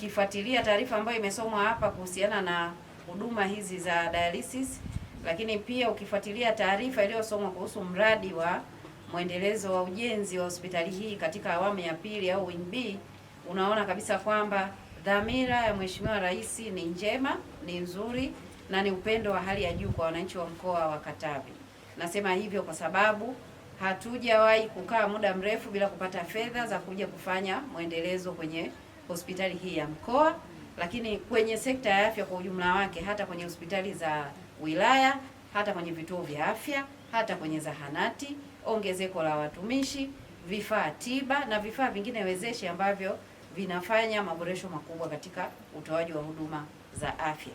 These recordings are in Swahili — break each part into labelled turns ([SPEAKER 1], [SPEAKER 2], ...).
[SPEAKER 1] ukifuatilia taarifa ambayo imesomwa hapa kuhusiana na huduma hizi za dialysis, lakini pia ukifuatilia taarifa iliyosomwa kuhusu mradi wa mwendelezo wa ujenzi wa hospitali hii katika awamu ya pili au B, unaona kabisa kwamba dhamira ya Mheshimiwa Rais ni njema, ni nzuri na ni upendo wa hali ya juu kwa wananchi wa mkoa wa Katavi. Nasema hivyo kwa sababu hatujawahi kukaa muda mrefu bila kupata fedha za kuja kufanya mwendelezo kwenye hospitali hii ya mkoa, lakini kwenye sekta ya afya kwa ujumla wake, hata kwenye hospitali za wilaya, hata kwenye vituo vya afya, hata kwenye zahanati, ongezeko la watumishi, vifaa tiba na vifaa vingine wezeshi ambavyo vinafanya maboresho makubwa katika utoaji wa huduma za afya.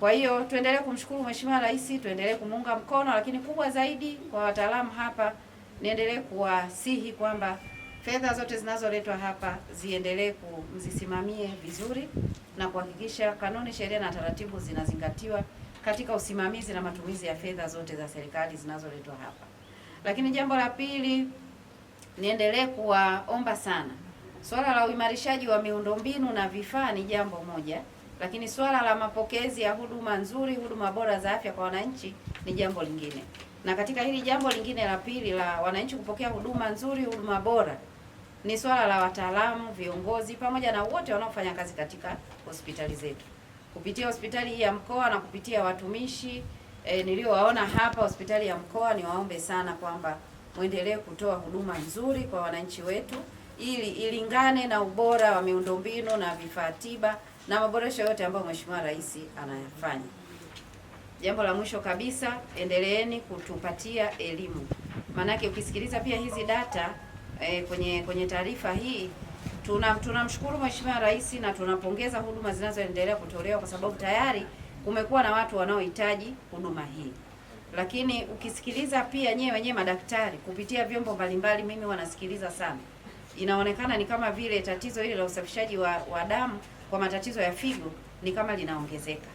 [SPEAKER 1] Kwa hiyo tuendelee kumshukuru Mheshimiwa Rais, tuendelee kumuunga mkono, lakini kubwa zaidi kwa wataalamu hapa, niendelee kuwasihi kwamba fedha zote zinazoletwa hapa ziendelee kumzisimamie vizuri na kuhakikisha kanuni, sheria na taratibu zinazingatiwa katika usimamizi na matumizi ya fedha zote za serikali zinazoletwa hapa. Lakini jambo la pili, niendelee kuwaomba sana, swala la uimarishaji wa miundombinu na vifaa ni jambo moja, lakini swala la mapokezi ya huduma nzuri, huduma bora za afya kwa wananchi ni jambo lingine. Na katika hili jambo lingine la pili la wananchi kupokea huduma nzuri, huduma bora ni swala la wataalamu, viongozi pamoja na wote wanaofanya kazi katika hospitali zetu kupitia hospitali hii ya mkoa na kupitia watumishi e, niliowaona hapa hospitali ya mkoa, niwaombe sana kwamba mwendelee kutoa huduma nzuri kwa wananchi wetu ili ilingane na ubora wa miundombinu na vifaa tiba na maboresho yote ambayo Mheshimiwa Rais anayafanya. Jambo la mwisho kabisa, endeleeni kutupatia elimu, maanake ukisikiliza pia hizi data eh, kwenye kwenye taarifa hii tunamshukuru tuna Mheshimiwa Rais na tunapongeza huduma zinazoendelea kutolewa kwa sababu tayari kumekuwa na watu wanaohitaji huduma hii. Lakini ukisikiliza pia nyewe wenyewe madaktari kupitia vyombo mbalimbali, mimi wanasikiliza sana, inaonekana ni kama vile tatizo hili la usafishaji wa, wa damu kwa matatizo ya figo ni kama linaongezeka.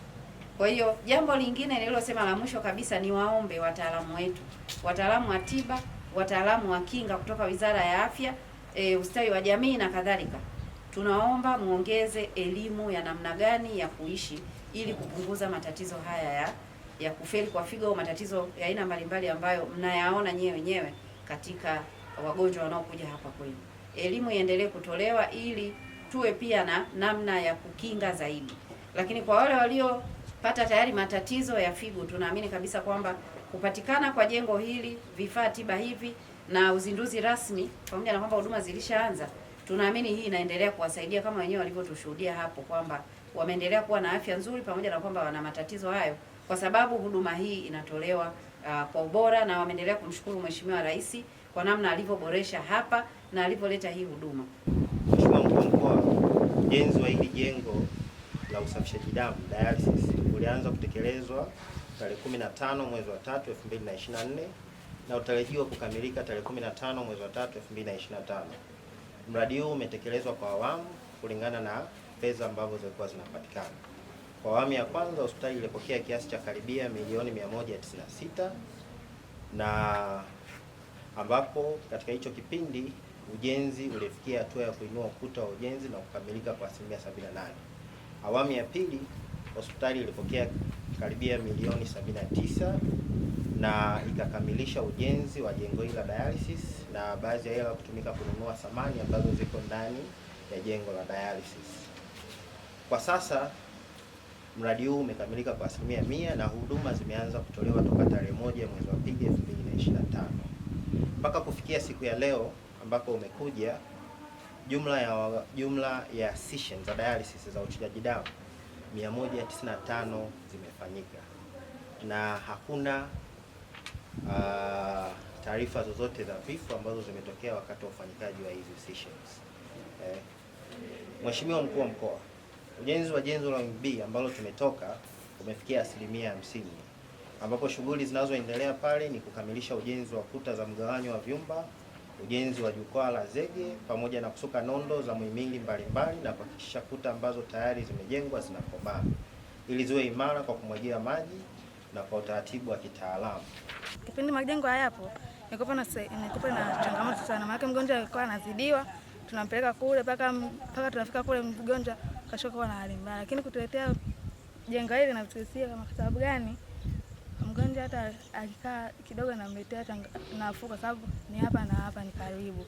[SPEAKER 1] Kwa hiyo jambo lingine nililosema la mwisho kabisa ni waombe wataalamu wetu, wataalamu wa tiba wataalamu wa kinga kutoka Wizara ya Afya, e, ustawi wa jamii na kadhalika, tunaomba muongeze elimu ya namna gani ya kuishi ili kupunguza matatizo haya ya ya kufeli kwa figo au matatizo ya aina mbalimbali ambayo mnayaona nyewe wenyewe katika wagonjwa wanaokuja hapa kwenu. Elimu iendelee kutolewa ili tuwe pia na namna ya kukinga zaidi, lakini kwa wale waliopata tayari matatizo ya figo, tunaamini kabisa kwamba Kupatikana kwa jengo hili, vifaa tiba hivi na uzinduzi rasmi, pamoja na kwamba huduma zilishaanza, tunaamini hii inaendelea kuwasaidia kama wenyewe walivyotushuhudia hapo kwamba wameendelea kuwa na afya nzuri, pamoja na kwamba wana matatizo hayo, kwa sababu huduma hii inatolewa uh, kwa ubora, na wameendelea kumshukuru Mheshimiwa Rais kwa namna alivyoboresha hapa na alivyoleta hii huduma.
[SPEAKER 2] Mheshimiwa Mkuu wa Mkoa, ujenzi wa hili jengo la usafishaji damu dialysis ulianza kutekelezwa tarehe 15 mwezi wa 3 2024 na utarajiwa kukamilika tarehe 15 mwezi wa 3 2025. Mradi huu umetekelezwa kwa awamu kulingana na fedha ambazo zilikuwa zinapatikana. Kwa awamu ya kwanza hospitali ilipokea kiasi cha karibia milioni 196 na ambapo katika hicho kipindi ujenzi ulifikia hatua ya kuinua ukuta wa ujenzi na kukamilika kwa asilimia 78. Awamu ya pili hospitali ilipokea karibia milioni 79 na ikakamilisha ujenzi wa jengo hili la dialysis na baadhi ya hela kutumika kununua samani ambazo ziko ndani ya jengo la dialysis. Kwa sasa mradi huu umekamilika kwa asilimia mia na huduma zimeanza kutolewa toka tarehe moja mwezi wa pili 2025 mpaka kufikia siku ya leo ambapo umekuja, jumla ya jumla ya sessions za dialysis za uchujaji damu 195 zimefanyika na hakuna uh, taarifa zozote za vifo ambazo zimetokea wakati wa ufanyikaji wa hizi sessions. Eh, Mheshimiwa Mkuu wa Mkoa, ujenzi wa jengo la mb ambalo tumetoka umefikia asilimia hamsini ambapo shughuli zinazoendelea pale ni kukamilisha ujenzi wa kuta za mgawanyo wa vyumba ujenzi wa jukwaa la zege pamoja na kusuka nondo za muhimili mbalimbali na kuhakikisha kuta ambazo tayari zimejengwa zinakomaa ili ziwe imara kwa kumwagia maji na kwa utaratibu wa kitaalamu.
[SPEAKER 3] Kipindi majengo hayapo nikupa na nikupa na changamoto sana, maana mgonjwa alikuwa anazidiwa, tunampeleka kule mpaka paka, tunafika kule mgonjwa kashoka na hali mbaya, lakini kutuletea jengo hili na kama kwa sababu gani? mgonjwa hata akikaa kidogo hata nafuu, kwa sababu ni hapa na hapa ni karibu.